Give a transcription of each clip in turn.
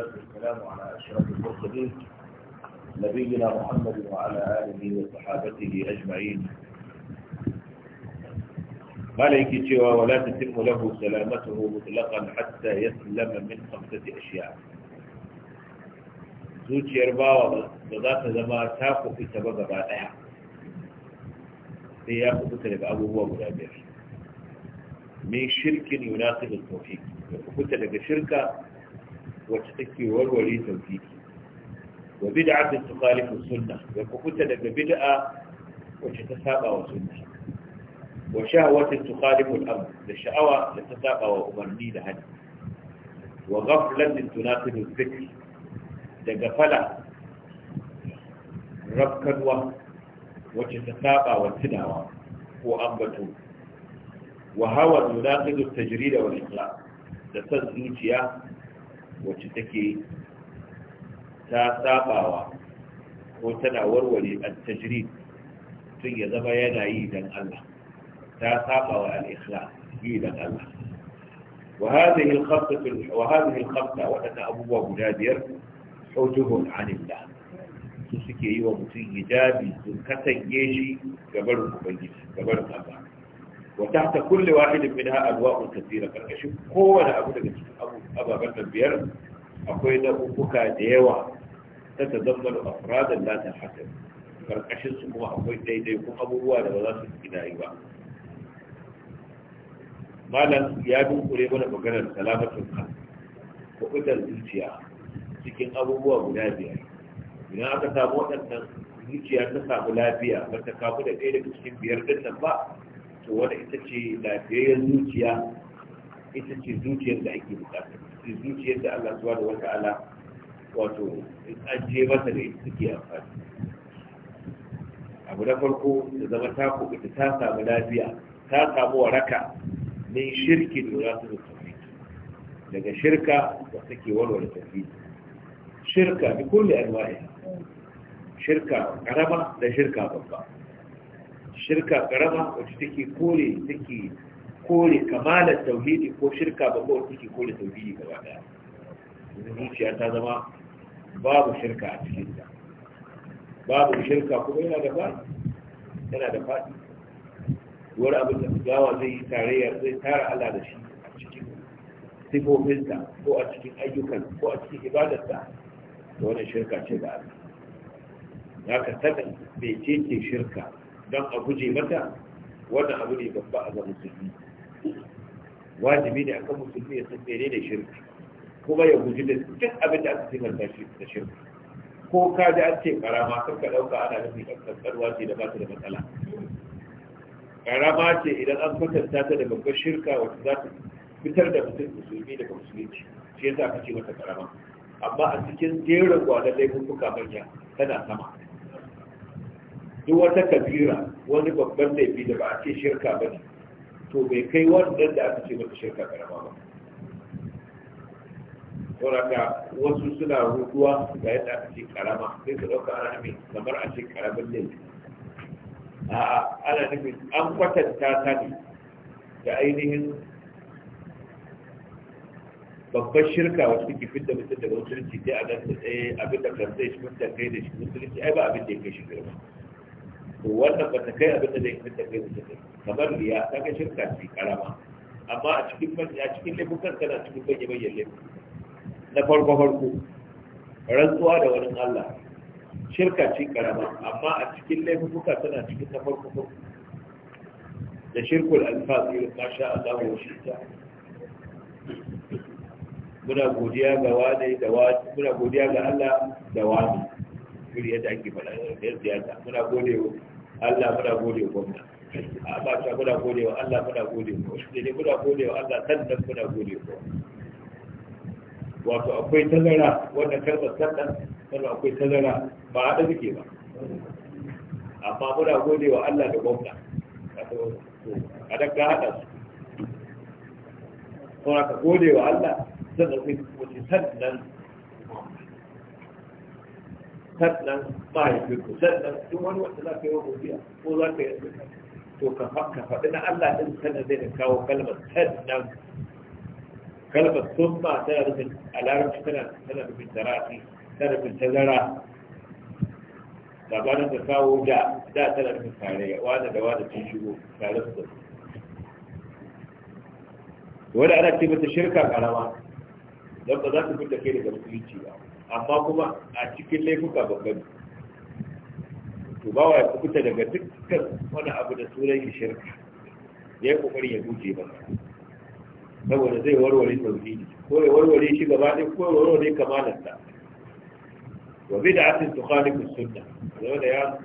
والصلاه والسلام على اشرف المرسلين نبينا محمد وعلى اله وصحابته اجمعين عليك جوا ولا تتم له سلامته مطلقا حتى يسلم من خمسه اشياء زوجي ارباو بذات زمان تاكو في سبب بعد ايه هي ابو تلب هو مرابير من شرك يناقض التوحيد ابو تلب شركه وتحكي والولي توفيكي وبدعة تخالف السنة وكفت لك بدعة وتتسابع السنة وشهوة تخالف الأمر لشعوة لتسابع وأمرني لهن وغفلة تناقل الذكر لقفلة ربكا و وتتسابع وتدعوة وأمبتو وهوى تناقض التجريد والإخلاق لتزوجيا wacce take ta sabawa ko tana warware al-tajrid tun ya zama yana yi dan Allah ta sabawa al-ikhlas yi dan Allah وهذه الخمسة وهذه الخمسة وأن أبوه منادر حجب عن الله سكي ومتين يجابي كتن يجي قبل مبيت قبل قبل وتحت كل واحد منها أنواع كثيرة فالكشف هو أنا أقول لك ababen da biyar akwai nau'uka da yawa ta tazammalu afradan la tahasab karkashin su kuma akwai daidai kuma abubuwa da ba za su gidayi ba malam ya dunkure mana maganar ka, kan kuɓutar zuciya cikin abubuwa guda biyar idan aka samu waɗannan zuciya ta samu lafiya ba ta kamu da ɗaya daga cikin biyar ɗin nan ba to wani ita ce lafiyayyar zuciya ita ce zuciyar da ake bukata su zuciyar da Allah zuwa da wata ala wato an je masa da suke amfani abu na farko da zama ta kuɓuta ta samu lafiya ta samu waraka min shirkin da za su tafi daga shirka da take warware tafi shirka bi kulli anwa'i shirka karama da shirka babba shirka karama wacce take kore take kore kamalar tauhidi ko shirka ba ko take kore tauhidi gaba daya zuciya ta zama babu shirka a cikin ta babu shirka kuma yana da fadi yana da fadi wani abin da gawa zai yi tarayya zai tara Allah da shi a cikin sifofinsa ko a cikin ayyukan ko a cikin ibadarsa da wani shirka ce da Allah za ka saka bai ce shirka don a guje mata wannan abu ne babba a zama musulmi wajibi ne akan musulmi ya san menene shirki, kuma ya guji da duk abin da aka sifanta shi da shirka ko ka ji an ce karama kan ka dauka ana nufin kankantarwa ce da ba ta da matsala karama ce idan an kwatanta ta da babbar shirka wacce za ta fitar da mutum musulmi daga musulunci shi yasa aka ce mata karama amma a cikin jerin gwanan laifuka manya tana sama duk wata kabira wani babban laifi da ba a ce shirka ba ne to bai kai wannan da aka ce mata shirka karama ba sauraka wasu suna rutuwa ga yadda aka ce karama sai su ɗauka ana nufin kamar a ce karamin laifi a'a ana nufin an kwatanta ta ne da ainihin babbar shirka wacce take fitta mutum daga musulunci sai a nan da eh, abin da kan zai shi mutum kai da shi musulunci ai ba abin da ya kai shi girma to wannan ba ta kai abin da zai fi ta kai wuce kai kamar riya ta kai shirka ce karama amma a cikin a cikin laifukan tana cikin bayyana bayyana na farko farko rantsuwa da wani Allah shirka ce karama amma a cikin laifuka tana cikin na farko farko da shirkul alfazir masha Allah wa shirka muna godiya ga wane da wani muna godiya ga Allah da wani kuri yadda ake faɗa da yadda muna gode Allah muna gode gwamna a ba ta muna gode wa Allah muna gode wa shi ne muna gode wa Allah sannan muna gode wa wato akwai tazara wanda karba sannan sannan akwai tazara ba haɗa suke ba amma muna gode wa Allah da gwamna a daga ka haɗa su sauraka ka gode wa Allah sannan sai sannan تبلغ طائف لكم سبلغ ثم الوقت لا في وقت فيها وظلت يأذنك وكفك كفك إن الله إنسان ذلك هو كلمة سبلغ كلمة ثم تغرب الألارم سنة سنة من تراتي سنة من تزرع تبانا تفاو جاء جاء سنة من تاريه وانا دوانا تنشيه تارفت ولا أنا كتبت الشركة على ما لما ذاتي كنت كيري قبل كليتشي amma kuma a cikin laifuka babban to bawa ya kubuta daga dukkan wani abu da sunan shi shirka ya kokari ya guje ba saboda zai warware tauhidi ko ya warware shi gaba ɗaya ko ya warware kamalarsa wa bid'atin tukhalifu sunna wanda ya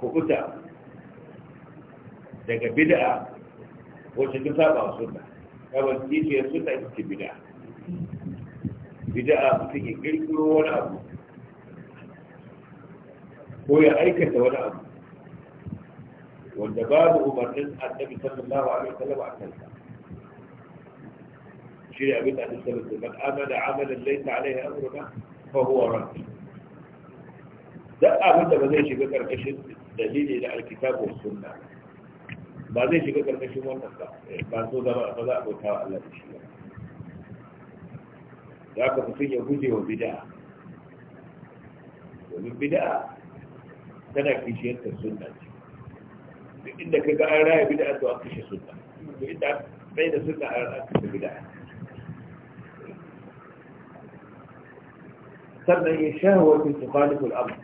kuka daga bid'a wacce ta saba sunna kawai kishiyar sunna ita ce bid'a bid'a mutum ya kirkiro wani abu ko ya aikata wani abu wanda babu umarnin annabi sallallahu alaihi wasallam a kansa shi ne abin da annabi sallallahu alaihi wasallam amana amalan laysa alaihi amruna fa huwa rad da abin da ba zai shiga karkashin dalili da alkitabu was sunna ba zai shiga karkashin wannan ba ba so da ba za a bauta Allah da shi ba ذاك في يهودي وبدع ومن بدع تنا في شيء السنة عندك قال راي بدع تؤكش السنة إنك بين السنة على الأكس بدع ثم هي شهوة تخالف الأمر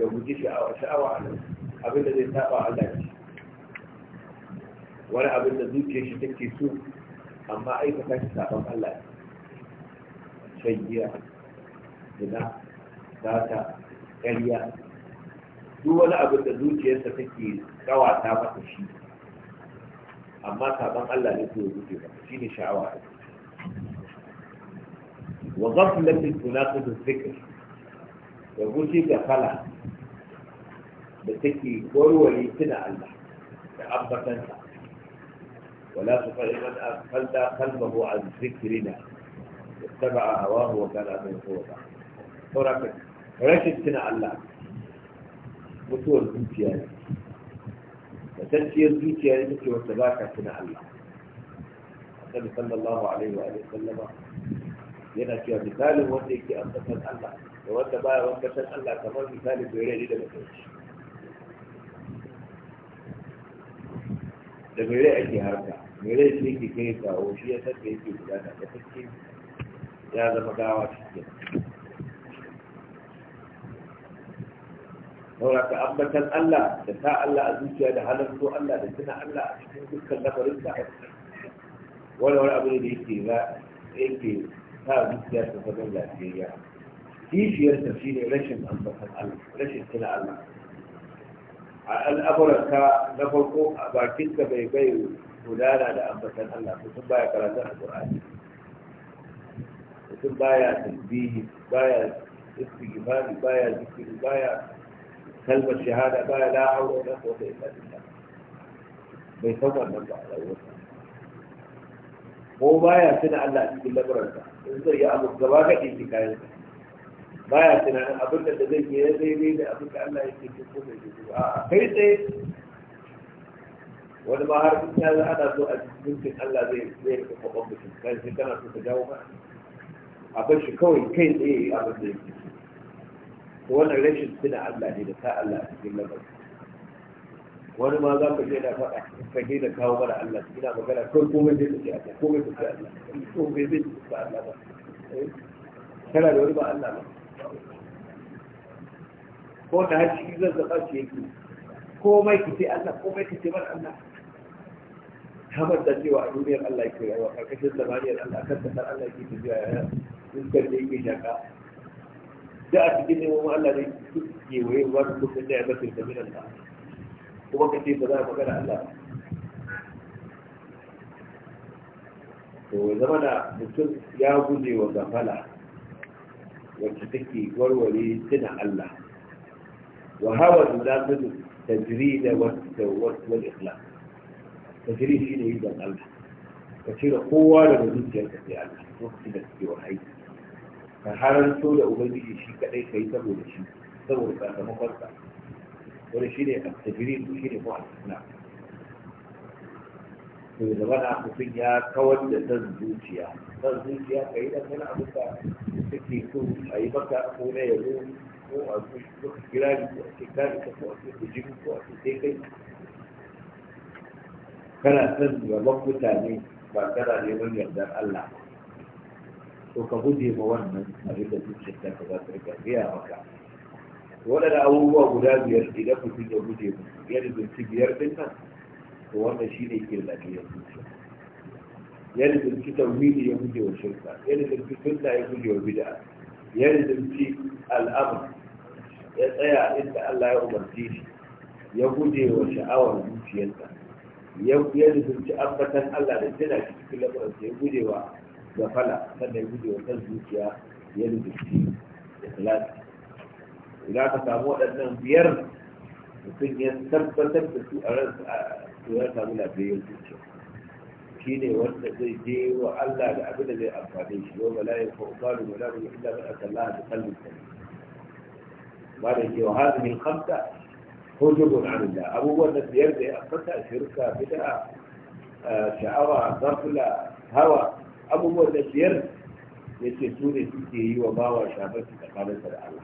يهودي شعوة شعوة على أبي الذي تقع على ولا أبي الذي يكشف تكسو أما أي فتاة تقع على الله shan giya zina sata ƙarya duk wani abin da zuciyarsa take kawata masa shi amma sabon Allah ne ko ba shi ne sha'awa ne. wa ghaflatin tunaqidu dhikr da gushi ga kala da take warware tuna Allah da ambatansa wala tuqil man aqalta kalmahu an dhikrina اتبع هواه وكان من قوة ورفت رشد سنة الله بطول بيتيان وتنشير بيتيان بيتي وتباكى سنة الله النبي صلى الله عليه وآله وسلم ينا كي مثال وديك أنفسك الله وتبا وكسر الله كما مثال بيري إلى مكوش لبيري أجي هاركا ميري سيكي كيكا وشيئة كيكي بلانا كتكي ya zama gawa cikin saura ka ambatan Allah da ta Allah a zuciya da halarto Allah da tuna Allah a cikin dukkan lamarin sa wani wani abu ne da yake za yake sa zuciya ta zama lafiyayya kishiyar ta shi ne rashin ambatan Allah rashin tuna Allah a al'amuranka na farko a bakinka bai bai gudana da ambatan Allah mutum baya karatun alƙur'ani mutum baya tasbihi baya istighfari baya zikiri baya kalmar shahada baya la haula wala quwwata illa billah bai san wannan ba a rayuwarsa ko baya tuna Allah a cikin lamuransa in zai yi abu gaba ga ɗinki kayan baya tunanin abin da zai yi ya daidai da abin da Allah ya ce ko bai yi a kai tsaye wani ma har ya ana so a cikin Allah zai zai kwaɓan mutum kan shi tana so ta jawo ba a shi kawai kai tsaye abin da yake to wannan rashin suna Allah ne da ta Allah a cikin lamarin wani ma za ka je da faɗa ka je da kawo mana Allah ina magana ko komai zai tafi Allah komai tafi Allah komai zai tafi Allah ba eh? kana da wani ba Allah ba ko da har cikin zan zaɓa shi yake komai ki ce Allah komai ki ce mana Allah kamar da cewa a duniyar Allah ke rayuwa karkashin zamaniyar Allah kan tasar Allah ke tafiya ya الكلمة إيجا كا جاءت جنة ومعنى لي تسكي ويوارك من نعمة الزمين الله وما كتير فضائف وقال الله وإذا ما نقول يا بني وغفلة وتتكي ولولي سنع الله وهو الزامن تجريد والإخلاق تجريد إلى إذا الله وتشير قوة لمن يجب أن الله وقت نفسي وحيث ka haranto da ubangiji shi kadai kai saboda shi saboda sakamakon sa wani shi ne a ko shi ne ko a suna to da zamana mutum ya kawar da san zuciya san zuciya ka yi dan wani abu da take so a yi maka ko na yabo ko a kuka kira ni ko a ce kari ka ko a ce ku jibi ko a ce sai kai kana son gaban mutane ba kana neman yardar Allah ba to ka guje ma wannan abin da zuciyar ta ka za ta rika gaya maka waɗanda abubuwa guda biyar idan mutum ya guje mu ya rubuci biyar ɗin nan to wannan shi ne ke lafiyar zuciya ya rubuci tauhidi ya guje wa shirka ya rubuci sunna ya guje wa bid'a ya rubuci al'amur ya tsaya inda Allah ya umarci shi ya guje wa sha'awar zuciyarsa ya rubuci ambatan Allah da jina cikin lamarin ya guje wa gafala sannan guje wa kan zuciya ya da ikhlasi idan ka samu waɗannan biyar mutum ya tabbatar da su a ransa a ya samu lafiyar zuciya shi ne wanda zai je wa Allah da abin da zai amfani shi yau ba layin ko ubaru ba layin inda ba aka Allah da kallon sa ba da ke wa hazin hamsa ko jogon amina abubuwan da biyar da ya amfata shirka bid'a sha'awa gafula hawa abubuwan da biyar ya ce su ne suke yi wa bawa shafar su tsakaninsa da Allah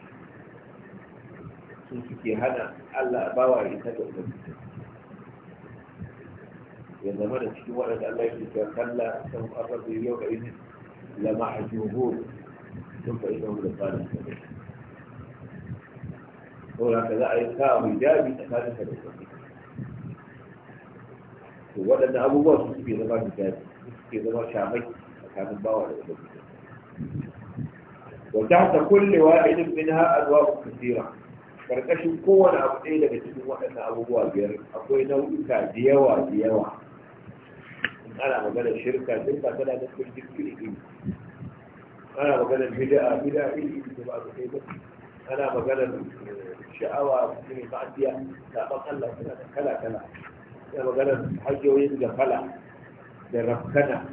su suke hana Allah bawa yi ta da ubangiji ya zama da cikin waɗanda Allah ya ce kalla ta ƙasar da yau ga izin lama a juhu sun fa'i da wani tsarin sa ne. Saboda ka za a yi sa mai jabi tsakaninsa da ubangiji. To waɗanda abubuwa su suke zama hijabi suke zama shamaki كان الباور وتحت كل واحد منها أدواب كثيرة فرقش القوة العقلية اللي تسمى أن أبو بوابير أبو إنه إنك ديوا ديوا أنا مثلا شركة زي مثلا في ذكر إيه أنا مثلا بدا بدا إيه إيه بعض الحيبة أنا مثلا شعوى في معدية لا بقلة كلا كلا أنا مثلا حجة وينجا خلا بالرفكنة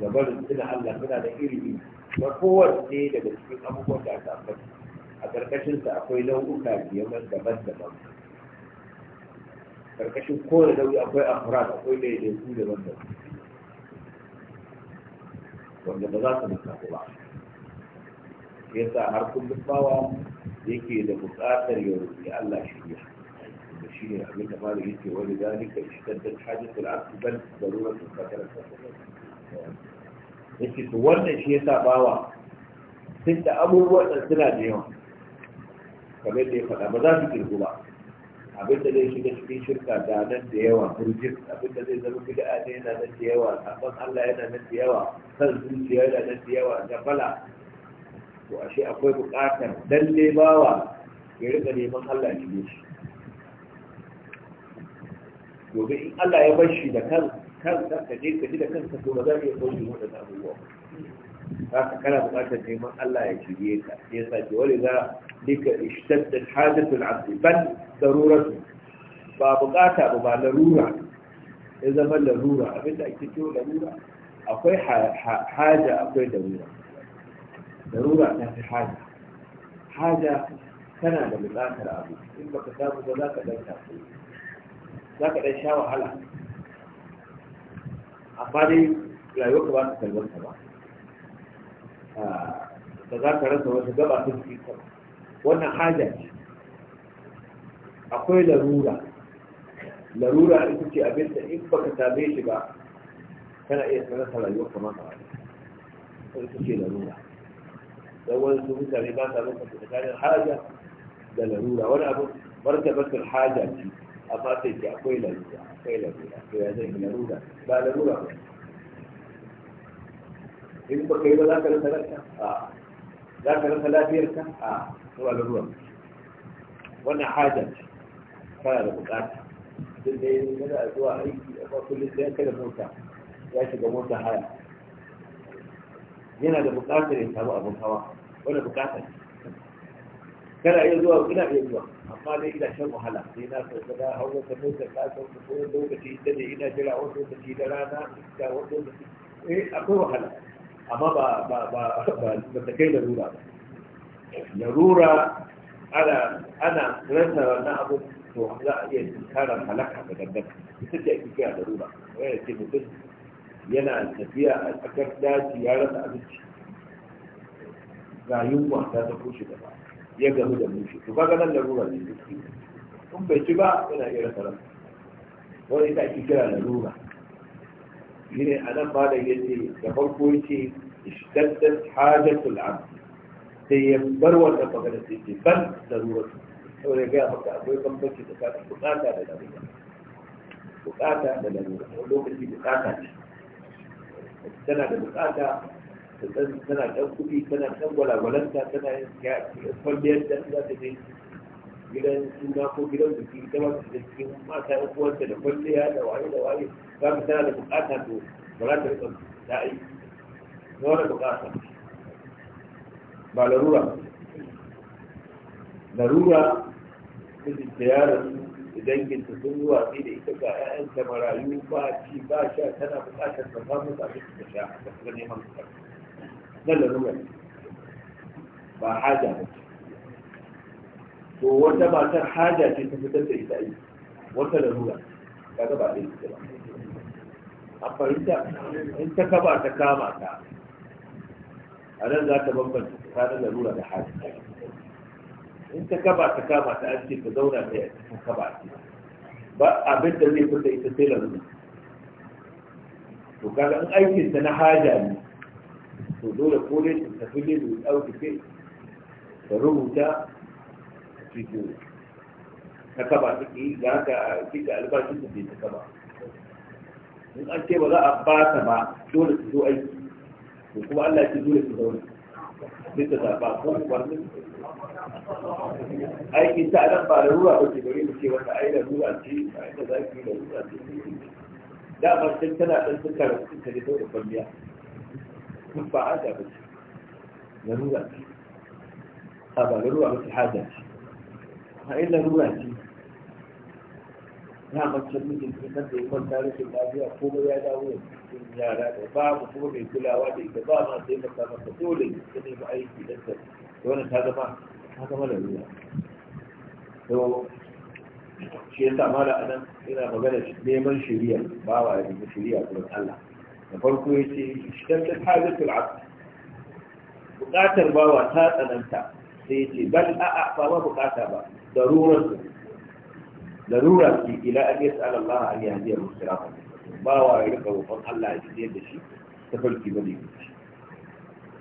da barin suna Allah suna da ilimi ba kowanne daga cikin abubuwan da aka ambata a ƙarƙashinsa akwai nau'uka biyar daban-daban ƙarƙashin kowane nau'i akwai afrad akwai daidaitu daban-daban wanda ba za su lissafu ba yasa har kullum bawa yake da buƙatar ya roƙi Allah shirya da shi ne abin da malu yake wani zalika shi tattalin hajjatul asibal da ruwan tabbatar da yake to wannan shi ya sa bawa duk da abubuwan da suna da yawa kamar da ya faɗa ba za su kirgu ba abin da zai shiga cikin shirka da nan da yawa turjin abin da zai zama bid'a ne yana nan da yawa sabon Allah yana nan da yawa kan zuciya yana nan da yawa gafala to ashe akwai buƙatar lalle bawa ya rika neman Allah ya shige shi gobe in Allah ya bar shi da kansa kanka ka je ka ji da kanka to ba za ka iya kauce waɗannan abubuwa haka kana buƙatar neman Allah ya shirye ka sai yasa ke wani za lika ishtadda hadatul abdi bal daruratu ba buƙata ba ba larura ya zama larura abinda ake cewa larura akwai haja akwai darura darura ta fi haja haja kana da buƙatar abu in baka samu ba za ka ɗan tafi za ka ɗan sha wahala amma dai rayuwarka ba ta salwanta ba ah, ba za ka rasa wata gaba ta cikin ka wannan haja ce akwai larura larura ita ce abin da in baka same shi ba kana iya sanar rasa rayuwarka ma ba ita ce larura dan wani su mutane ba sa lokacin tsakanin haja da larura wani abu martabatul haja ce a fata yake akwai larura akwai to ya zai ba larura ba in ba kai ba za ka rasa ranka a za ka rasa lafiyarka a ba wannan haja kana da bukata duk da yin zuwa aiki a kullum sai mota ya shiga mota haya yana da bukatar ya samu abin hawa wani bukatar كلا يدوى وكلا يدوى أما لإلى شر محلا لإنا سيدنا هو سموت الكاس ومسور دوك تيدد إنا جلع وطو تشيد لنا إيه أكو محلا أما با با با با متكين لرورا لرورا أنا أنا لسنا لنا أبو لا يذكر الملك هذا الدم يسجى كذا ضرورة وين تبغى ينا تبيع أكثر داس يارد أبوش غايوم وحدة تبوش دبابة ya gamu da mushi to kaga nan larura ne in bai ci ba yana iya rasa rasa wani ita ake kira larura shi ne a nan malam ya ce da farko ya ce ishtaddat hajatul abd sai ya bar wannan magana sai ce ban larura saboda ya gaya maka akwai bambanci tsakanin bukata da larura bukata da larura wani lokaci bukata ce tana da bukata tana ɗan kuɗi tana ɗan gwalagwalanta tana kwalliyar da za ta je gidan suna ko gidan biki ita ma ta cikin mata ɗan uwanta da kwalliya da waye da waye za mu tana da bukata to ba za ta riƙa ta yi na wani bukata ba larura larura mijin ta yaron da danginta sun yi watsi da ita ga 'ya'yanta marayu ba ci ba sha tana bukatar ta samu abin da sha da neman bukata lallabin mai ba haja ba to wata matar haja ce ta fitar da ita wata da ruwa ga gaba ɗaya ita ba a farinta in ta kaba ta kama ta a nan za ta bambanta tsakanin larura da haja in ta kaba ta kama ta an ce ta zauna ta yi ta kaba ta ba abin da zai fita ita sai ruwa to kaga in aikinta na haja ne دول كولد انت فيلد والاوت فيلد فالروبو بتاع في جول ده طبعا ايه ده انت في تقلبة جدا دي انت طبعا من قال كيبا ده اربعة تبع دول تدو اي وكما قال لها تدول في دولة انت تبع فوق وبرد اي انت اربع لهو او تبعين كي وانت اي لهو انت انت ذاك في لهو انت ده مرسل سنة انت كارو انت دي دولة فالمياه duk ba haja ba ce larura ce a ba larura ba ce haja ce a yi larura ce ya mace mijin nan da ya kwanta rashin lafiya ko ya dawo ya cikin yara da babu kuma mai kulawa da ita ba ma sai masa masa dole ta nemi aiki don ta wannan ta zama ta zama larura to shi yasa mala anan ina magana neman shari'a ba wa ya nemi shari'a gurin Allah da farko ya ce shiddatul hajjatul abd buƙatar bawa ta tsananta sai ya ce ban a'a ba ma buƙata ba darura ce ila an yas'al Allah an yahdiya Ba bawa ya rika roƙon Allah ya shirye da shi ta farki bane shi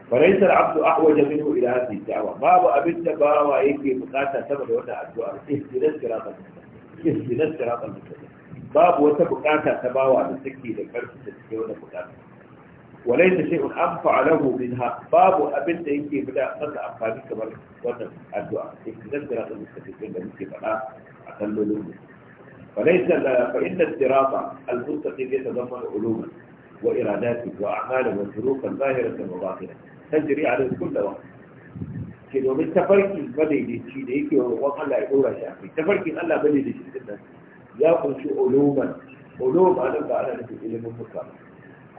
فليس العبد أحوج منه إلى هذه الدعوة باب أبدا باب يكي مقاتا سبب وانا الدعاء اهدنا الصراط المستقيم اهدنا الصراط المستقيم باب وتبقاتها تباوى بالسكي لكارسي تسكي ودى وليس شيء أنفع له منها باب أبن يمكن بدا أخذ أفاني كبر ودى الدعاء إذن الدراسة المستفيدين بمكي بنا أقل لهم فليس فإن الدراسة المستقيم يتضمن علوما وإرادات وأعمال وظروفا ظاهرة وظاهرة تجري على كل وقت كده من تفرق البلد الشيء ده وقال لا يقول شيء تفرق الله بلد الشيء ده يا قل شو علوما علوم أنا بعد أنا في علم المفكر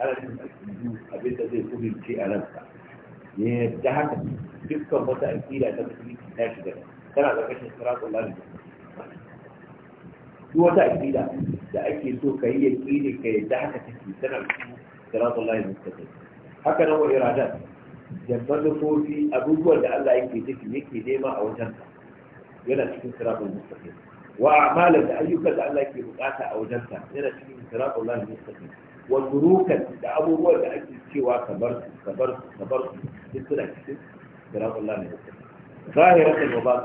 أنا في المجنون أبدا زي كل شيء ألمسا يدهك تبقى مدى أكيد أنا بسليك ناشدة ترى لك أشياء صراط الله لك دو مدى أكيد ده أكيد سوء كي يكيد كي يدهك تسليك ترى لك صراط الله المستقيم حكا نوع إرادات جنبان فوتي أبوكو لألا يكيدك يكيد ما أوجنك ولا تكون صراط المستقيم wa amalan da ayyukan da Allah ke bukata a wajenka yana cikin siratu Allah mustaqim da abubuwan da ake cewa kabar kabar kabar duk suna cikin siratu Allah mustaqim zahiratan wa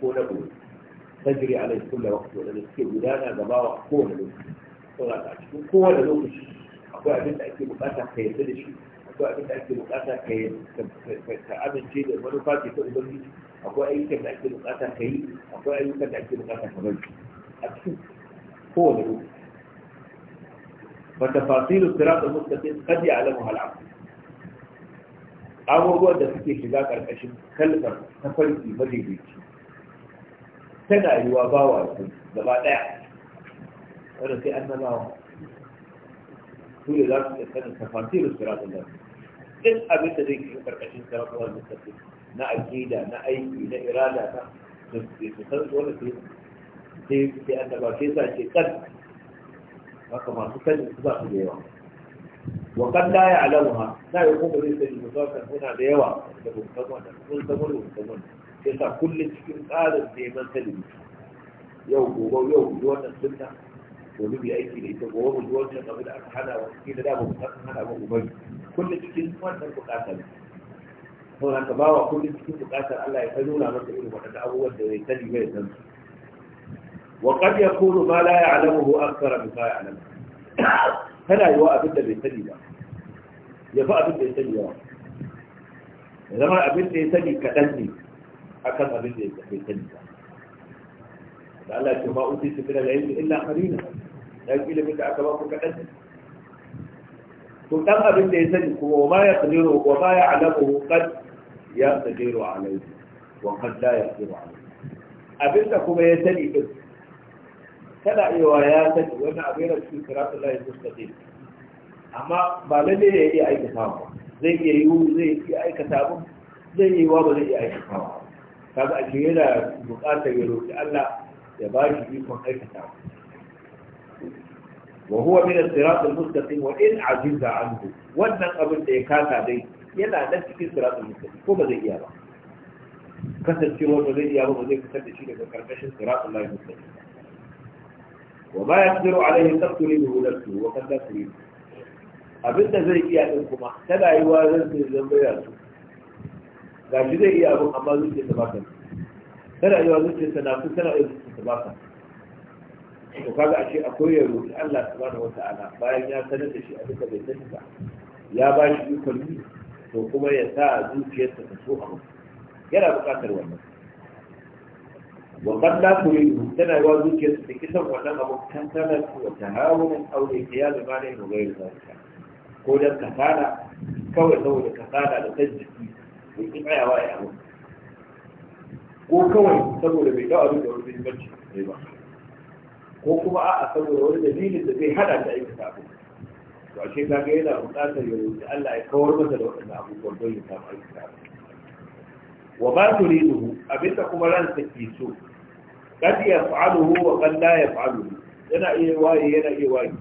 ko na gobe tajri alai kullu waqti wa da suke gudana gaba a kowane lokaci akwai abin ake bukata ka da shi akwai ake bukata ka amince da manufa ta ubangiji akwai ayyukan da ake bukata ka yi akwai ayyukan da ake bukata ka bari a cikin kowane ruwa فتفاصيل الصراط المستقيم قد يعلمها العبد abubuwan da suke shiga ƙarƙashin kalmar ta farki madaidaici tana yiwa ba wa su gaba ɗaya wanda sai an zama su da za su iya sanin tafasirin siratun da in abin da zai shiga ƙarƙashin siratun da suke na aqida na aiki na irada ta su san dole sai sai an annaba sai sa ce kan haka masu sani su ba su da yawa wa kan la ya'lamuha la yakunu bi sani musakan kuna da yawa da kun san wannan kun da wannan da san sai sa kullum cikin tsarin neman sani yau gobe yau gobe wannan sunna gobe bi aiki da ita gobe mu ji wancan abin da aka hana wa cikin da da ba mu hana ba mu bari cikin wannan bukatar وقد يكون ما لا يعلمه أكثر من ما يعلمه هنا يواء بنت بيتني يفاء بنت بيتني لما أبنت يتني كتني أكثر بنت بيتني قال الله كما أوتيت من العلم إلا قليلا لا يقول بنت أكباك كتني تتم بنت يتني وما يقدره وما يعلمه قد ya tsadiru alaihi wa qad la yaqdiru alaihi abinda kuma ya sani din kada yawa ya sani wani abin da cikin layi lahi tsaje. amma ba lalle ne ya iya aikata ba zai iya yiwu zai iya aikata ba zai iya wa ba zai iya aikata ba kaga a ce yana buƙatar ya roƙi Allah ya ba shi ikon aikata ba wa huwa min as-sirat al-mustaqim wa in ajiza wannan abin da ya kasa dai yana nan cikin sirat al ko ba zai iya ba kasancewa zai iya ba ba zai fitar da shi daga karkashin sirat al-mustaqim wa ma yaqdiru alayhi taqdiruhu nafsuhu wa qad taqdiruhu abin da zai iya din kuma ta su zai iya abin amma ba ta na ba to kaga a ce a koyar ruhi Allah subhanahu wata'ala bayan ya sanar da shi a duka bai tafi ba ya ba shi dukan ni to kuma ya sa zuciyar ta so a yana bukatar wannan wa kalla ku yi tana yi wa zuciyar ta kisan wannan abu kan tana su wa ta hawunin aure ta ya zama ne ga gairu zaka ko dan kasada kawai saboda kasada da ta jiki bai ki tsayawa ya hau ko kawai saboda bai dau abin da wani muhimmanci bai ba ko kuma a'a saboda wani dalilin da zai hada ta aikata abu to ashe ka ga yana buƙatar ya roƙi Allah ya kawar masa da waɗannan abubuwan don ya samu aikata abu wa ba turiduhu abinda kuma ransa ke so kad yaf'aluhu wa kad la yaf'aluhu yana iya waye yana iya waye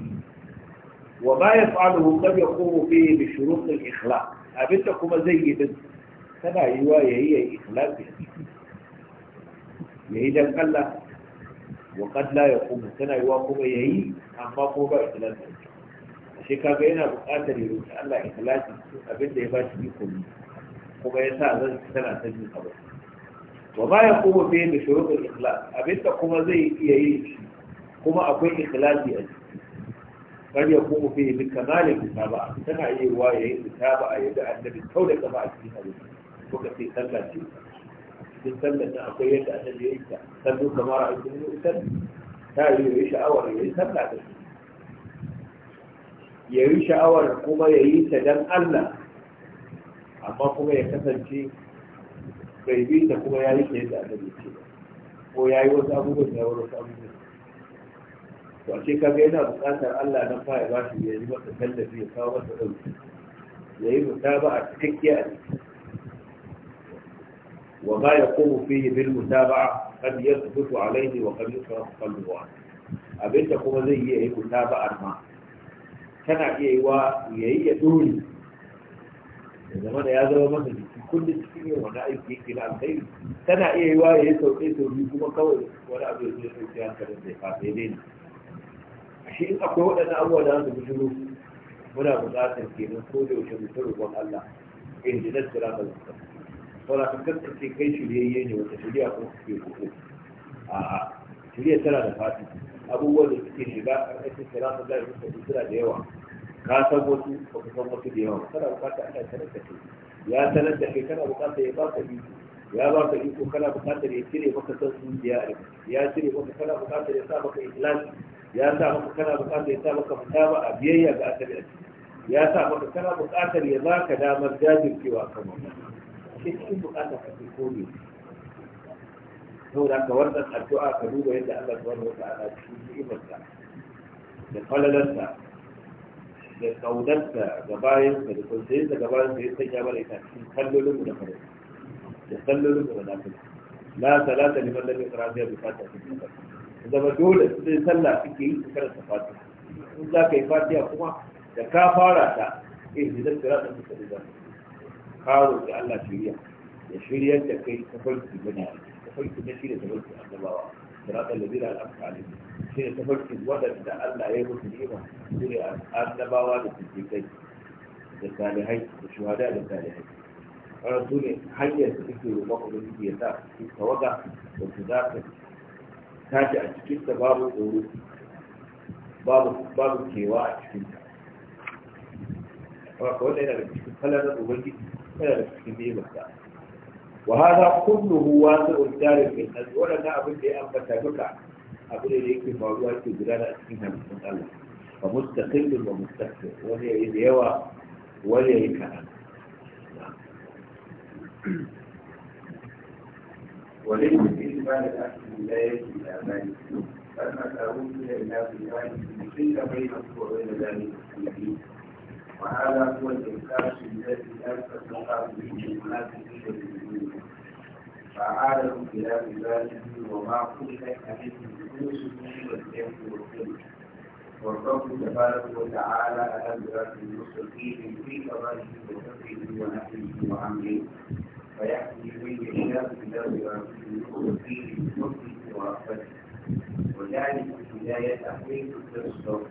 wa ba yaf'aluhu kad yaqumu fihi bi shurut al-ikhlaq abinda kuma zai yi din tana yi wa yayi ya ikhlasi yayi dan Allah wa qad la yaqumu tana yiwa kuma yayi amma ko ba ikhlasi ashe kaga yana buƙatar ya roki Allah ikhlasi abin da ya ba shi iko ne kuma yasa zan tana sanin abu wa ba ya kuma fiye da shuruɗin abin abinda kuma zai iya yin shi kuma akwai ikhlasi a ciki kar ya kuma fiye da kamalin kitaba tana iya wa yayin kitaba a yadda annabi kau da kafa a cikin abin kuka sai sallah ce duk sallar da akwai yadda a ya yi ta sallu kamar a cikin yi ta yi yi sha'awar ya yi sallah da su ya yi sha'awar kuma ya yi ta dan Allah amma kuma ya kasance bai bi ta kuma ya yi ta yadda a ya ce ko ya yi wasu abubuwan ya wasu abubuwan to a ce kaga yana buƙatar Allah na fa ya ba shi ya yi masa tallafi ya kawo masa ɗauki ya yi mutaba a cikakkiya a cikin وما يقوم فيه بالمتابعة قد يثبت عليه وقد يصرف قلبه عنه أبين تقوم ذي يهي متابعة ما كان يهي ويهي يدول زمان يا ذو من كل شيء وانا ايكي كلا الخير كان يهي ويهي توقيت ويكوم قوي ولا أبي يهي سيان كلم ذي قاتلين أشيء أقول أنا أولا بجلو منا هي كي نقول وشمسر وقال الله إن جنت سلام المستقبل wala ka ce kai shiryayye ne wata shirya ko suke koko a shirya tana da fati abubuwan da suke shiga a ƙarƙashin shirafin da su suna da yawa ka san wasu ba ka san wasu da yawa kana bukatar ana sanar da kai ya sanar da kai kana bukatar ya baka iko ya baka iko kana bukatar ya cire maka san zuciya a ya cire maka kana bukatar ya sa maka ikhlasi ya sa maka kana bukatar ya sa maka mutaba a biyayya ga asali ya sa maka kana bukatar ya baka damar jajircewa kan wannan sai cikin bukata ka ke kome saboda ka wannan addu'a ka duba yadda Allah subhanahu wa ta'ala cikin ni'imarsa da falalarsa da kaudarsa ga bayansa da kunsayinsa ga bayansa ya sanya mana ita cikin kallolin mu da farin da sallolin mu da lafiya la salata liman lam yaqra biha bi fatiha zama dole sai sallah kike yi karanta fatiha in za ka yi fatiha kuma da ka fara ta eh da zaka rasa da zaka قالوا لأن شريعة شريعة كي تفلت البناء تفلت نشيلة تفلت عند الله صراط الذي لا الأمس عليه شريعة تفلت الوضع إذا ألا يهو تنيمة شريعة أدنى بوالة تنتيكي لتالهي وشهداء لتالهي رسولي حية تفكر وقت من يدا في التوضع والتدافع تاجع تكتب بابو أولو بابو بابو كيواء تكتب فقال لنا بشكل خلال أبو بلجي وهذا كله واسع الدار في الناس ولا نعبد أبن دي أقول إليك أبن دي يكي فاروها كي من الله فمستقل ومستقل وهي إذ يوى وهي كأن وليس إجمال الأكل لا يجب الأمان فما تأوي إلى إلى بيان كل بين الصورين ذلك وهذا هو الإنكار الذي أنفسها به المنافقين للمؤمنين فعادوا إلى بلاده وما كل حديث يوسف والجهل والخلق والرب تبارك وتعالى أهل ذات المستقيم في قضائه وفقه ونهيه وعمله فيحكي من يشاء إلى ذاته وفيه بفضله ورحمته وذلك هداية حيث تصدق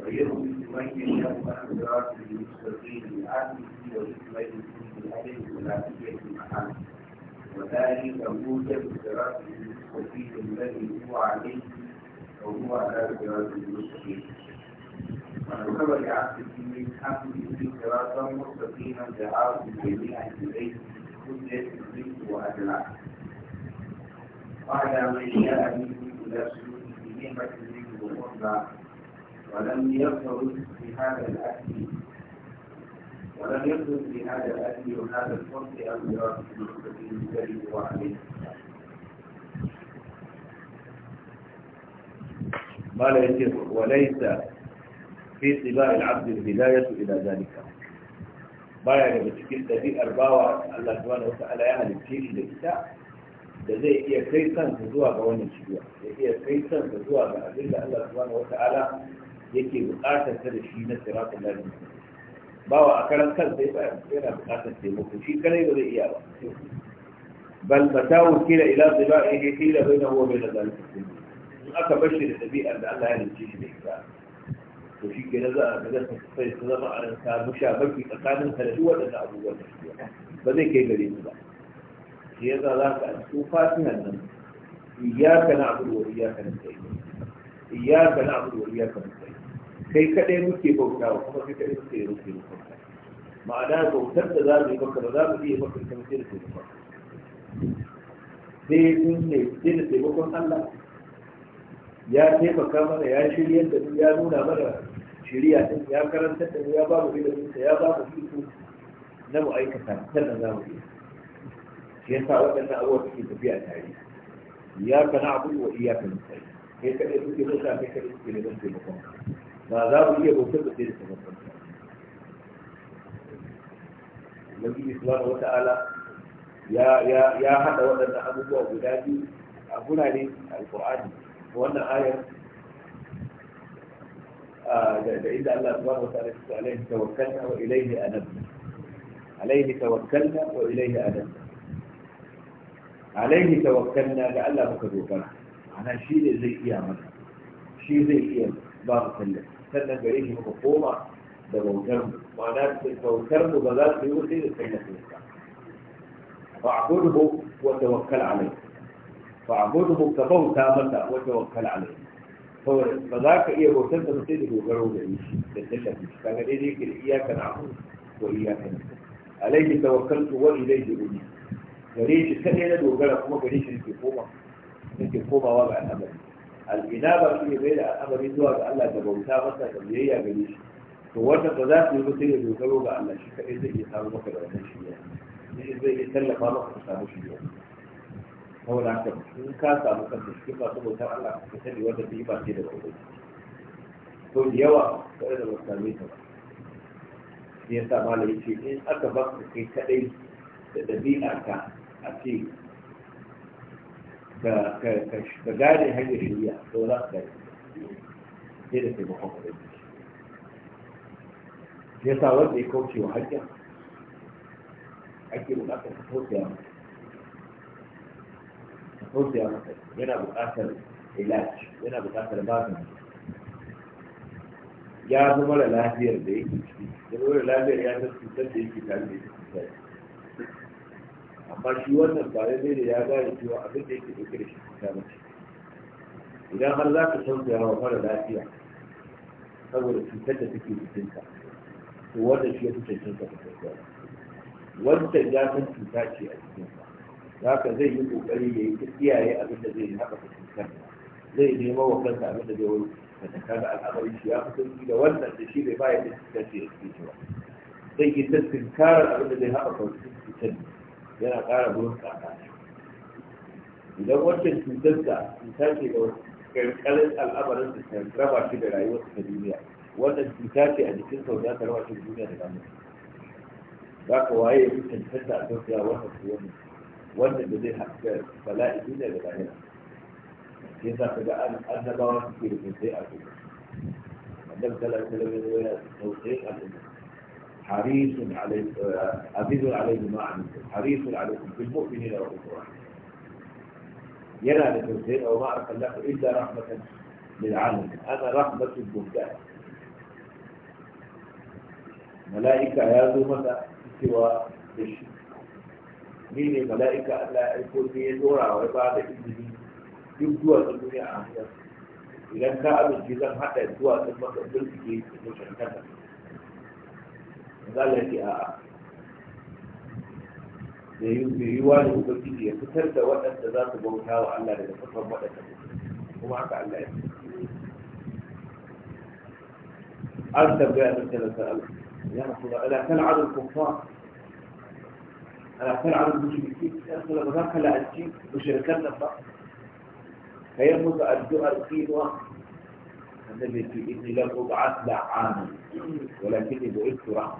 ويهدي من يشاء من صراط المستقيم بعدله ويطمئن كل عليه بالعافية المحال وذلك موجب صراط المستقيم الذي هو عليه وهو على صراط المستقيم ونكبر لعبده من حمده صراطا مستقيما دعاه جميع اليه كل منه وأدلعه وعلى من جاء منه إلى سلوكه بنعمة منه وفضلا ولم يظهر في هذا الأكل ولم يظهر في هذا الأكل وهذا الفرق أو يراد في المخطط المجرد وعليه ما لا يجب وليس في طباع العبد البداية إلى ذلك بايا يا يعني بتكيل تبي أرباوة الله سبحانه وتعالى يعني هل تشيل لكتا لذي هي كيسا تزوى بواني الشبيع هي إيه كيسا تزوى بأذل الله سبحانه وتعالى yake buƙatar ta da shi na siratul ladin bawa a karan kan sai kansa yana buƙatar taimako shi kare ba zai iya ba bal matawu kila ila zibaihi kila bainahu wa bain zalika in aka bashi da ɗabi'ar da Allah ya rinci shi da ita to shi ke za a ga sai su zama a ranka musha baki tsakanin ka da duk waɗannan abubuwan da shi ba zai kai gare su ba shi yasa za ka su fatihan nan na iyyaka na'budu wa iyyaka nasta'in iyyaka na'budu wa iyyaka nasta'in kai kadai muke bautawa kuma kai kadai muke rufe bauta ma'ana bautar da za mu yi maka ba za mu iya maka kan sai da taimakon sai sun ne sai da taimakon Allah ya taimaka mana ya shirya da mu ya nuna mana shirya din ya karanta da mu ya ba mu ilimin ya ba mu iko na mu aikata sannan za mu yi shi yasa waɗannan abubuwa suke tafiya tare ya kana abu wa iyaka mutane kai kadai suke mutane kai kadai suke neman taimakon بازار کی وہ سے تیر سے مطلب ہے لگی اسلام و تعالی یا یا یا حد و ان ابو بو ابو دادی اذا الله سبحانه وتعالى عليه توكلنا واليه انبنا عليه توكلنا واليه انبنا عليه توكلنا لعله بك توكلنا معناه شيء زي قيامنا شيء زي قيامنا بارك الله sannan gare shi muka koma da bautar mu ma'ana bautar mu ba za su yi wuce da tallafin sa fa'budhu wa tawakkal alayhi fa'budhu ka bauta masa wa tawakkal alayhi saboda ba za ka iya bautar da sai da dogaro da shi da tallafi kaga dai dai kiri iyaka na abu wa iyaka na alayhi tawakkaltu wa ilayhi uni gare shi kadai na dogara kuma gare shi nake koma nake komawa ga al'amari al'inaba shi ne bai da al'amari zuwa ga Allah da bauta masa da biyayya gare shi to wannan ba za su yi mutum ya dogaro ga Allah shi kaɗai zai iya samu maka da wannan shirya shi zai iya tallafa maka ka samu shirya saboda haka in ka samu kanta cikin masu bautar Allah ka sani wanda ta yi ba ce da bautar to da yawa waɗanda da su same ta ba ya sa malami ce in aka ba ka kai kaɗai da ɗabi'a ɗabi'arka a ce فقال هي الشريعة ولا كده في محافظة جيتا ودي كوتشي وحاجة أكيد هناك تفوت يا مكتب تفوت يا مكتب هنا بتأثر علاج هنا بتأثر بازم يا زملاء لا هير دي يقول لا هير يا زملاء تتدي في تعليم amma shi wannan ba ya zai da ya gane cewa abin da yake ɗauke da shi ta mace idan har za ka sauke wa mara lafiya saboda cutar da take jikinka to wannan shi ya fi cancanta da gaggawa wancan ya san cuta ce a jikinsa za ka zai yi ƙoƙari ya yi iyaye abin da zai yi haka ka cutar zai nema wa kansa abin da zai wani da ta da al'amari shi ya fi sauki da wannan da shi bai bayar da cutar ce ya fi cewa zai yi ta tunkarar abin da zai haɓaka wasu cutar ne yana ƙara gurin kaka idan wancan da cuta ce da ƙarƙarin al'amarin da ta raba shi da rayuwar ta duniya wannan cuta ce a jikin sau za ta raba shi da duniya da gama za ka waye ya fi cancanta a tafiya wannan su wannan wannan da zai haska bala'i duniya da lahira ke sa ka ga annabawa suke da kai a duniya annabi kala alaihi wasallam yana tausayin al'umma حريص عليكم عزيز عليكم ما عنكم حريص عليكم بالمؤمنين رؤوف رحيم ينال التوسير او ما ارسلناه الا رحمه للعالم انا رحمه المهتدين ملائكه يا ذو مدى سوى الشرك مين الملائكه الا يكون في دورة وعبادة إبنه يبدو الدنيا عامله اذا كان الجزام حتى يبدو ان المسجد يمكن ان يكون قال لك آه يوالي وبكيدي يفترد وقت تذات بوكا وعلا لك فطر وقت وما عقا على الله أنت بقى مثلا سأل يا رسول الله ألا تلعب الكفار ألا تلعب المشركين يا رسول الله بذلك لا أجي مشركنا فقط فيرمز الدعاء الدين وقت النبي في إذن الله أبعث لعامل ولكني بعثت رحمه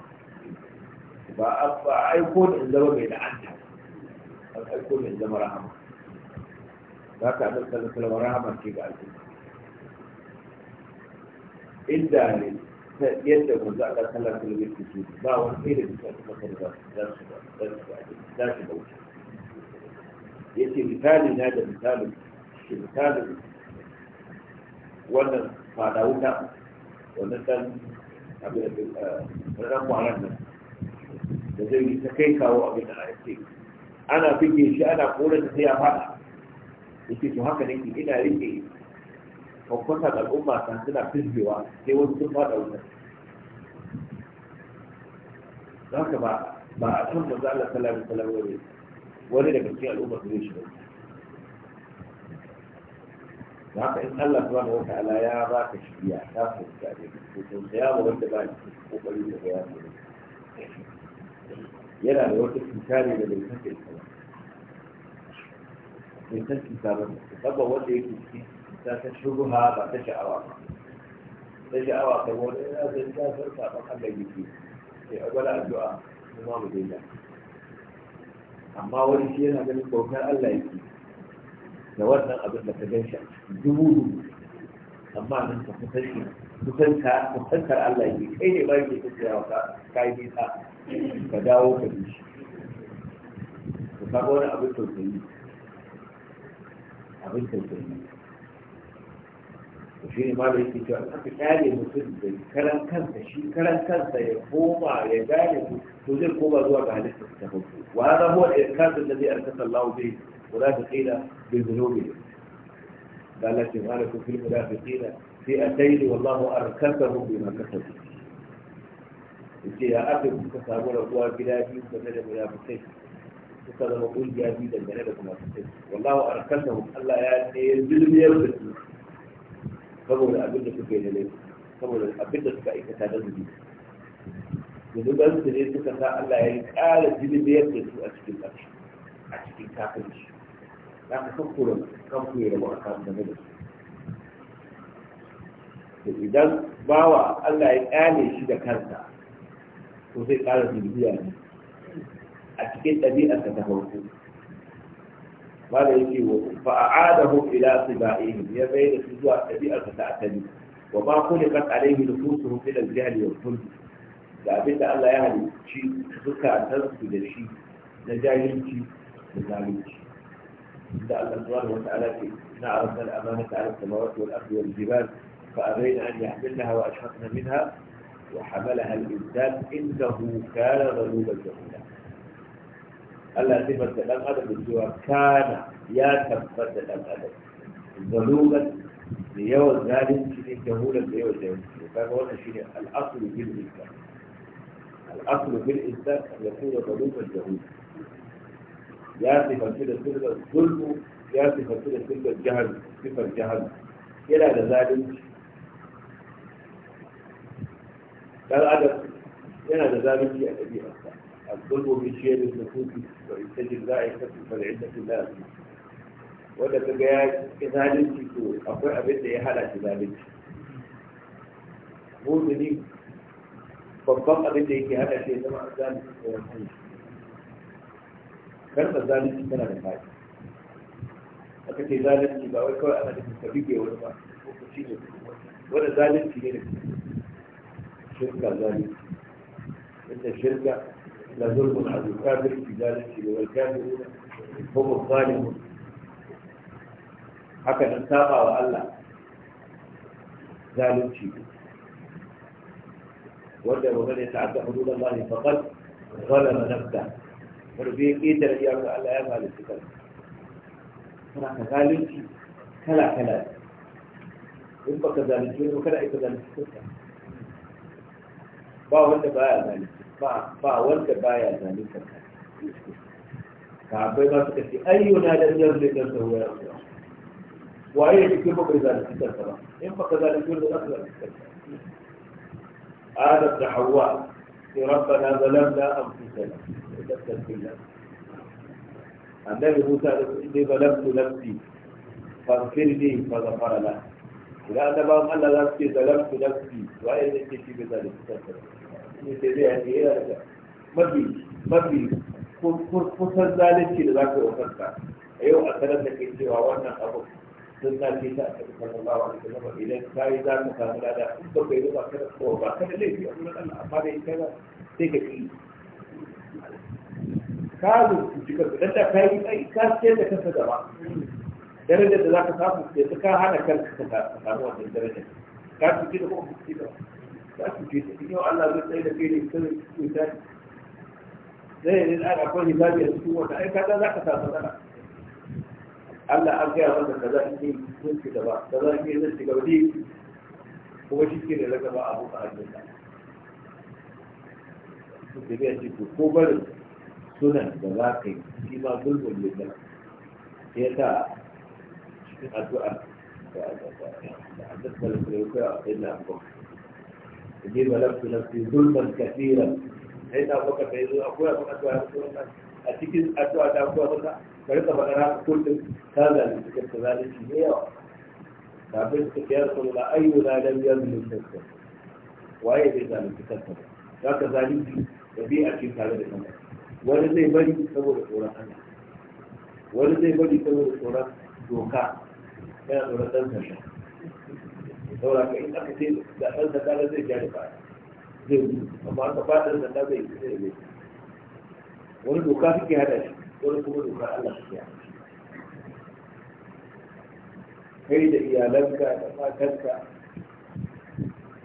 ba ba aiko da in zama mai la'anta an aiko da in zama rahama za ka abin sallar sallar rahama ce ga al'umma inda ne ta yadda mu za a sallar sallar yake su ba wani ɗaya da bisa ta kasar za su ba za su ba wuce ya ce misali na da misalin shi misalin wannan fada wuta wannan dan abin da ran kwanan nan da zai ta kai kawo abin da ya ce ana fige shi ana koren ta sai ya fada yake to haka nake ina rike kwakwata da al'umma ta suna fizgewa sai wasu sun fada wutar za ka ba ba a san manzo Allah sallallahu alaihi wasallam wani daga cikin al'umma su zai shiga da haka in Allah subhanahu wa ta'ala ya ba ka shiriya ta fahimta ne ko ya wanda ba ki kokari da ya ne yana da wata cuta ne da bai kasa ita ba bai san cuta ba sabba wanda yake cikin cuta ta shubuha ba ta sha'awa ba ta sha'awa ta wani yana da ta zarta ba kan da yake sai a gwada addu'a kuma mu daina amma wani shi yana ganin bautar Allah yake da wannan abin da ka gan shi dubu amma nan ka kusanci kusantar Allah yake kai ne ba yake kusantawa ka yi nisa ka dawo ka bi shi ka kaga wani abin tausayi abin tausayi to shi ne ma da yake cewa aka kyale mutum da karan kansa shi karan kansa ya koma ya gane su to zai koma zuwa ga halitta ta farko wa za huwa al-kasin da zai arkasa Allah bai wala ta qila bi dhunubi da Allah subhanahu wa ta'ala fil mudafiqina fi atayni wallahu arkasahum bima kasabu yace ya aka kuka samu rabuwa gida biyu game da munafikai suka zama kungiya biyu dangane da munafikai wallahu arkallahu Allah ya ne zulmiyar da su saboda abin da suka yi da laifi saboda abin da suka aikata da zubi yanzu ban su ne suka sa Allah ya ƙara zulmiyar da su a cikin ƙarshe a cikin kafirci za ka kakkura kanku ya rabu a kan game da su idan bawa Allah ya ƙyale shi da kansa to zai ƙara bibiya ne a cikin ɗabi'arsa ta farko ba da yake wa fa'adahu ila sibaihim ya bai da su zuwa ɗabi'arsa ta asali wa ma kulli qad alayhi nufusuhum ila al-jahl wal dhulm da abin da Allah ya halicci zukatan su da shi na jahilci da zalunci da Allah subhanahu wa ta'ala ke na arsalna amanata ala samawati wal ardi wal jibal fa abayna an yahmilnaha wa ashfaqna minha وحملها الإنسان إنه كان ظلوبا جهولا ألا تفت لم أدب سوى كان يا تفت لم أدب ظلوبا ليو الظالم شيء جهولا ليو الظالم فهذا هو الأصل في الإنسان الأصل في الإنسان أن يكون ظلوبا جهولا يا تفت لم أدب الظلم يا تفت لم أدب الجهل تفت الجهل إلى ذلك dan adam yana da zalunci a ɗabi'arsa الظلم من شيء النفوس ويستجد لا يكتب فالعدة لا wanda ya ga zalunci to akwai abin da ya hada shi zalunci mutuni babban abin da yake hada shi ya zama zalunci ko wani karɓar zalunci tana da kai aka ce zalunci ba wai kawai ana nufin ka bige wani ba ko ku ne wanda zalunci ne da kuma الشركة ذلك إن الشركة لا ظلم على الكافر في ذلك الكافر هم الظالمون هكذا ساقا وألا ذلك شيء وجه ومن يتعدى حدود الله فقد ظلم نفسه وربيه قيدر يا الله ألا هذا الكتاب هناك ذلك كلا كلا يبقى كذلك وكلا كذلك ba wanda baya zalunci ba ba wanda baya zalunci ka akwai ba suka ce ayyuna da yar da kan sa waya waye cikin ba bai zalunci kansa ba in ba ka zalunci wanda za ka zalunci kansa adam da hawa sai rabbana zalamna anfusana da tafsirin annabi Musa da su ne zalamtu nafsi fasfir ne fa zafara la idan annabawan Allah za su ce zalamtu nafsi waye ne ke shi bai zalunci kansa ba ne sai zai yanke yana daga mafi mafi kusan zalunci da za ka yi kanka a yau a sanar da kai cewa wannan abu sun na ce ta a cikin sallallahu alaihi wasallam idan ka yi za ka samu lada in ba kai ba ka da kowa ba ka da laifi a wurin Allah amma da ita sai ka ci ka zuci kanka dan da ka yi tsayi ka ce da kanka gaba darajar da za ka samu sai ka hana kanka ka samu wannan darajar ka ci da kuma ci da da aka ce ta yau Allah zai tsaye da kai ne ta cuta zai yi an akwai hijabi a cikin wata ai kaga za ka samu sana Allah an gaya masa kaza in yi zai ci gaba kaza in yi zai ci gaba ne kuma shi ke da laka ba abu a hannun ta su ke biya ce ko barin sunan da za ka yi shi ma gulgun ne ta ya sa cikin addu'a da annabi sallallahu alaihi wasallam ya koya wa sayyidina Abubakar تجيب بلغت نفسي ظلما كثيرا حيث أبوك فيزو أخويا أبوك أتوى أبوك أتكين أتوى أتوى أبوك فريق بقرات كل هذا اللي ذكرت ذلك هي فقلت يا رسول الله أينا لم يظلم نفسه وأي بذلك تكتب ذاك ذلك ɗabi'a في tare da kan wani zai bari saboda tsoron Allah wani zai bari saboda tsoron doka yana tsoron saboda ka in aka ce da ɗan sanda zai ja da baya zai gudu amma aka ba ɗan sanda zai yi zai yi wani doka suke hada shi wani kuma doka Allah suke hada shi kai da iyalanka da matanka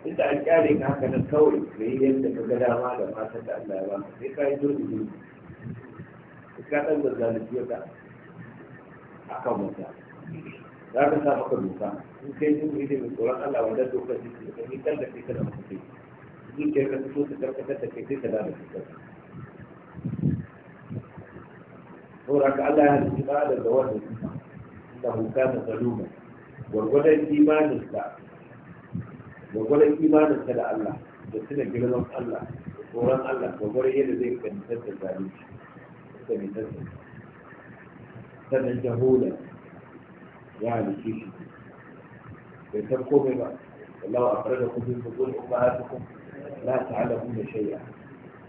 inda an kyare ka haka nan kawai da yi yadda ka ga dama da matan da Allah ya ba sai ka yi zurbi ne ka ɗan zazzalin fiye a kan mutane لا تسابق الإنسان يمكن أن يريد من قرآن الله وجد دوكا جسد لكن هي كلا في كلا مخطي هي كلا في كلا في كلا في كلا في كلا كلا في كلا وراك على هذا الجبال الزواج الإنسان إنه كان ظلوما وقال الإيمان الزاق وقال الإيمان الزاق الله بسنا قلنا الله قرآن الله وقال إيه لذي كان يسد الزاليش كان يسد الزاليش سنة جهولة يعني في شيء بيتركم بقى الله أخرجكم من بطون أمهاتكم لا تعلمون شيئا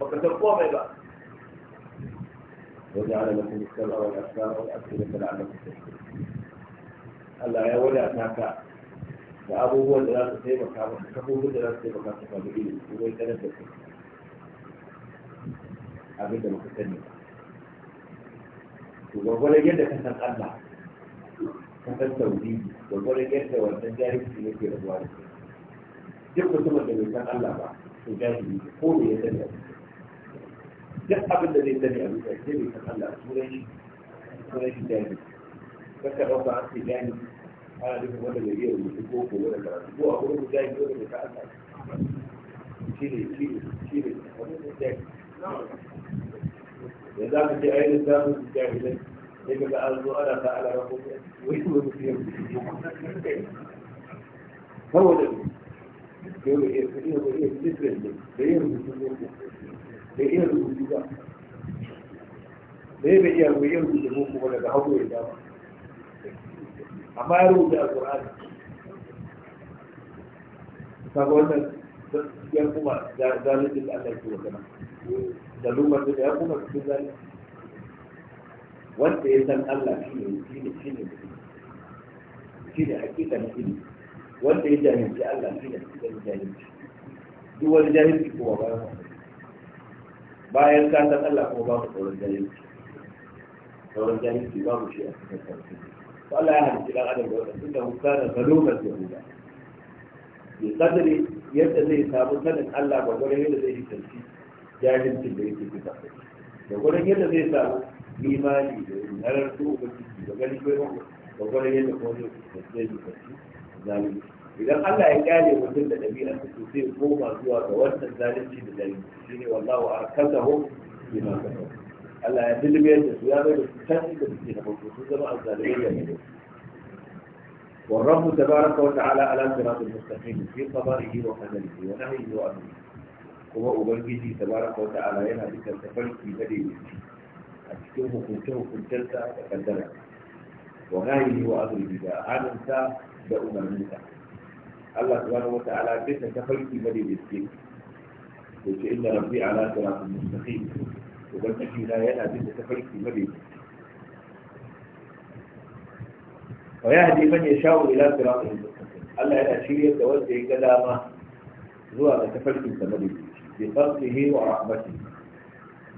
فكتركم بقى وجعل لكم السمع والأسفار والأسفار لعلكم تشكرون قال يا ولد أتاكا يا أبو هو دراسة سيبك عبر كفو هو اللي سيبك عبر كفو هو دراسة سيبك عبر كفو هو دراسة سيبك عبر كفو هو دراسة سيبك عبر كفو هو دراسة kasar tauhidi da gwarin yadda wannan jahilci yake da ruwa da duk mutumin da bai san Allah ba to jahili ko me ya sani duk abin da zai sani a duniya sai bai san Allah sunan shi sunan shi jahili kaka ɗauka an ce jahili ana nufin wanda bai iya rubutu ko ko wanda karatu ko a wurin jahili wanda bai san Allah shi ne shi ne shi ne wani jahili yanzu aka ce ainihin zamun jahilai sai ga an ana ta ala rabu wai mutum yau da da da da iya rubutu ba da iya rubutu ko kuma daga hagu ya dama amma ya rubuta a wannan yan kuma da gana da lumar da ya kuma cikin wanda ya san Allah shi ne shi ne shi ne shi ne hakika na ilimi wanda ya jahilci Allah shi ne hakika na jahilci duk wani jahilci kuma bayan bayan ka san Allah kuma babu sauran jahilci sauran jahilci babu shi a cikin sarki to Allah ya halitta dan adam da wannan tunda hukana zaluman yahuda bi qadri yadda zai samu sanin Allah ba gurin yadda zai yi sarki jahilcin da yake fita da gurin yadda zai samu imani da yanar su ubangiji da gani bai mako da gwada yadda ko ne da sai da kashi zalimi idan Allah ya kyale mutum da ɗabi'a su sai koma zuwa ga wannan zalunci da zalimi shine wallahu arkazahu bima kasabu Allah ya dilmiyar da su ya bai da su can da suke na farko sun zama azzalimai da ne والرب تبارك وتعالى على صراط المستقيم في قضائه وقدره ونهيه وامره هو أبنجي تبارك وتعالى ينهى بك التفلت في بديه أكتبه كنته في الجلسة تكلم وغايه هذا إذا آمنت دؤما منك الله سبحانه وتعالى بيت تفلت بني بيتين قلت ربي على صراط مستقيم وقلت في لا يلا بيت تفلت بني ويهدي من يشاور إلى صراط مستقيم الله إذا شيء يتوزع كلامه زوا تفلت بني بيتين بفضله ورحمته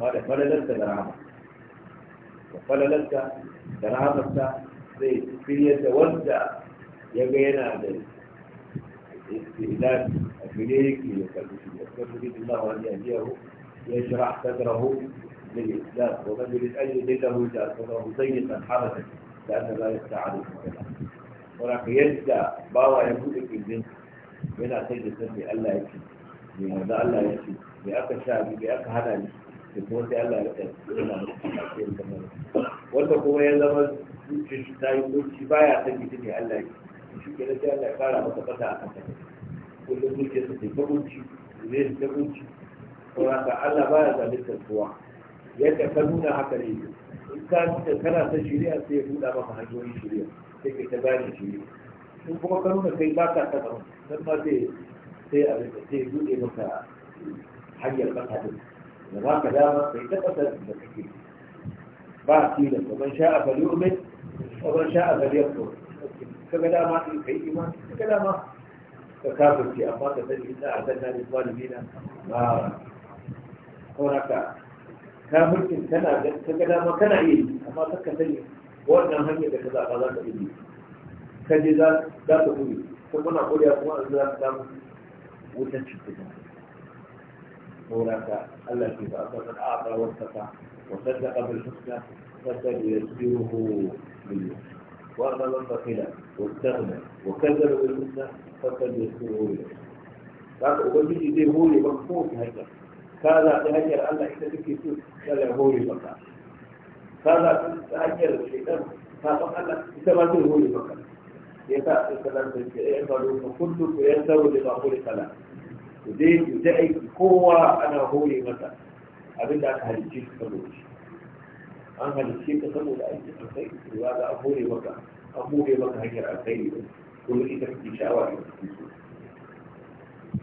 ما لا ما لا تنسى رحمته da falalarka da rahamarsa zai fiye da wanda ya ga yana da الله أن يهديه يشرح صدره للإسلام ومن يريد أن يدله إذا صدره ضيقا حرجا لأن لا يستعد الكلام ولكن يدى بابا يقول لك من أتيت سمي ألا يكفي لماذا ألا يكفي بأك شابي بأك هنالي da kuma sai Allah ya tafi yana da kuma cikin kamar wanda kuma ya zama zuciya shi ta yi kunci baya san gidi ne Allah ya shi ke sai Allah ya fara masa fata a kan kullum zuciya su ta kunci zai ta kunci saboda Allah baya zalunta kowa yadda ka nuna haka ne in ka nuna kana ta shari'a sai ya nuna maka hanyoyin shari'a sai ka ta gane shari'a in kuma ka nuna kai ba ka taɓa nan ma sai a rika sai buɗe maka hanyar ƙasa da. da ba ka dama kai ta kasar da kake ba shi da kaman sha a fali umin kaman sha a fali yakko kaga dama in kai iman kaga dama ka shi amma ka sani inda a zanna ne na ba kawai haka kafircin kana kaga dama kana yi amma ka sani wannan hanyar da ka zaɓa za ka yi kaje za ka kuri kuma na kuriya kuma za ka samu wutar cikin مولاك التي فأصدق أعطى وارتقى وصدق بالحسنى فسد منه واما من بخل واستغنى وكذب بالحسنى فسد يسيره بالحسنى وجد دي هولي منفوس هجر كذا تهجر ألا إذا تكي سوك كلا هولي بقى كذا تهجر الشيطان فقال ألا إذا ما تهولي بقى يتأتي سلام تنسي إيه فلو كنت في إيه سوى لما زي زي قوة أنا هوي إيه مثلا أبدا هل شيء تقول إيه؟ أنا هل إيه؟ شيء تقول أي شيء أخي هذا أبوي بقى أبوي بقى هي أخي كل شيء في شاوى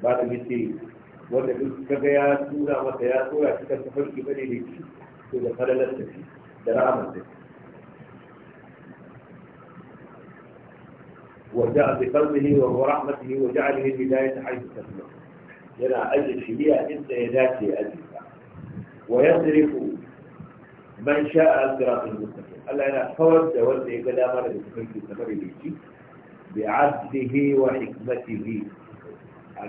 بعد مثلي ولا بس كبيا سورة ما تيا سورة كذا سفر كبري ليش كذا خلل السفي درامة وجاء بقلبه وبرحمته وجعله البداية حيث تسمعه yana ajiye shiriya inda ya dace ya ajiye ta wa yasrifu man sha'a siratal mustaqim Allah yana kawar da wanda ya ga dama da daga tafarki kamar yake bi adlihi wa hikmatihi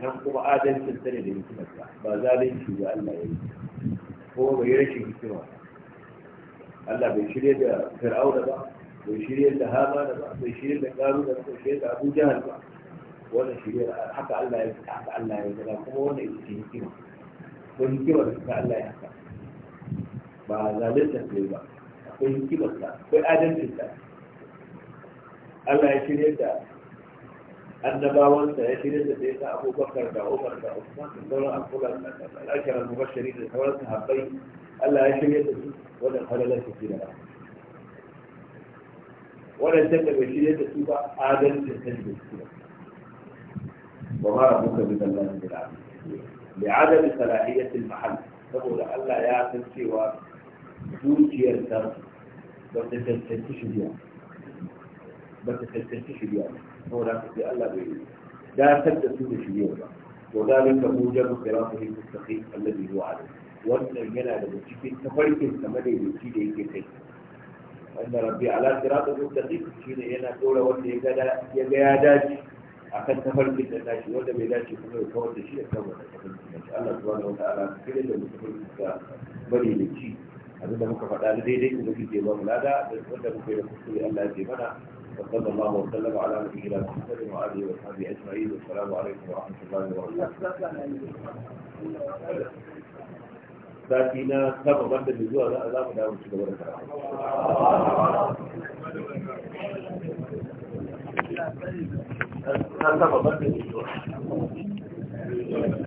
nan kuma adalcin sa ne da hikimar ba zalunci ba Allah ya yi ko bai yi rashin hikima Allah bai shirya da Fir'auna ba bai shirya da Hama da ba bai shirya da Qaruna ba bai shirya da Abu Jahal ba ولا كبيرة حتى ألا يزكى حتى ألا يزكى ولا يزكى يمكنه ويمكنه حتى ألا يزكى بعد ذلك تقليبا ويمكنه حتى في آدم جدا ألا يشري يدا أنما وانت يشري يدا ديسا أبو بكر دا عمر دا عثمان دولا أقول الأشر المبشرين الحوالات هبين ألا يشري يدا ولا خلالة كثيرة ولا تبقى يشري يدا توبا آدم تتنبي وما ربك بذلات بالعالم لعدم صلاحية المحل تبو لألا يا تنسي و توتي الدرس بس اليوم بس اليوم هو لا تنسي ألا بيوم لا تنسيش اليوم وذلك موجب قراءته المستقيم الذي هو عليه وأن الجنة لبشيك تفريك تمدي بشيك تفريك أن ربي على صراط المستقيم شين هنا تقول وأن يجادا يجاداش akan tafarkin da tashi wanda bai dace kuma ya kawar da shi ya kawar da tafarkin da shi Allah subhanahu wataala ka kire da mu tafarkin ka bari da ci abin da muka faɗa daidai kuma kike ba mu lada da wanda muke da kuskure Allah ya ce mana وصلى الله وسلم على نبينا محمد وآله وصحبه أجمعين والسلام عليكم ورحمة الله وبركاته. sati na saba banda mai zuwa za a za mu dawo ci gaba da karatu. na saba ban da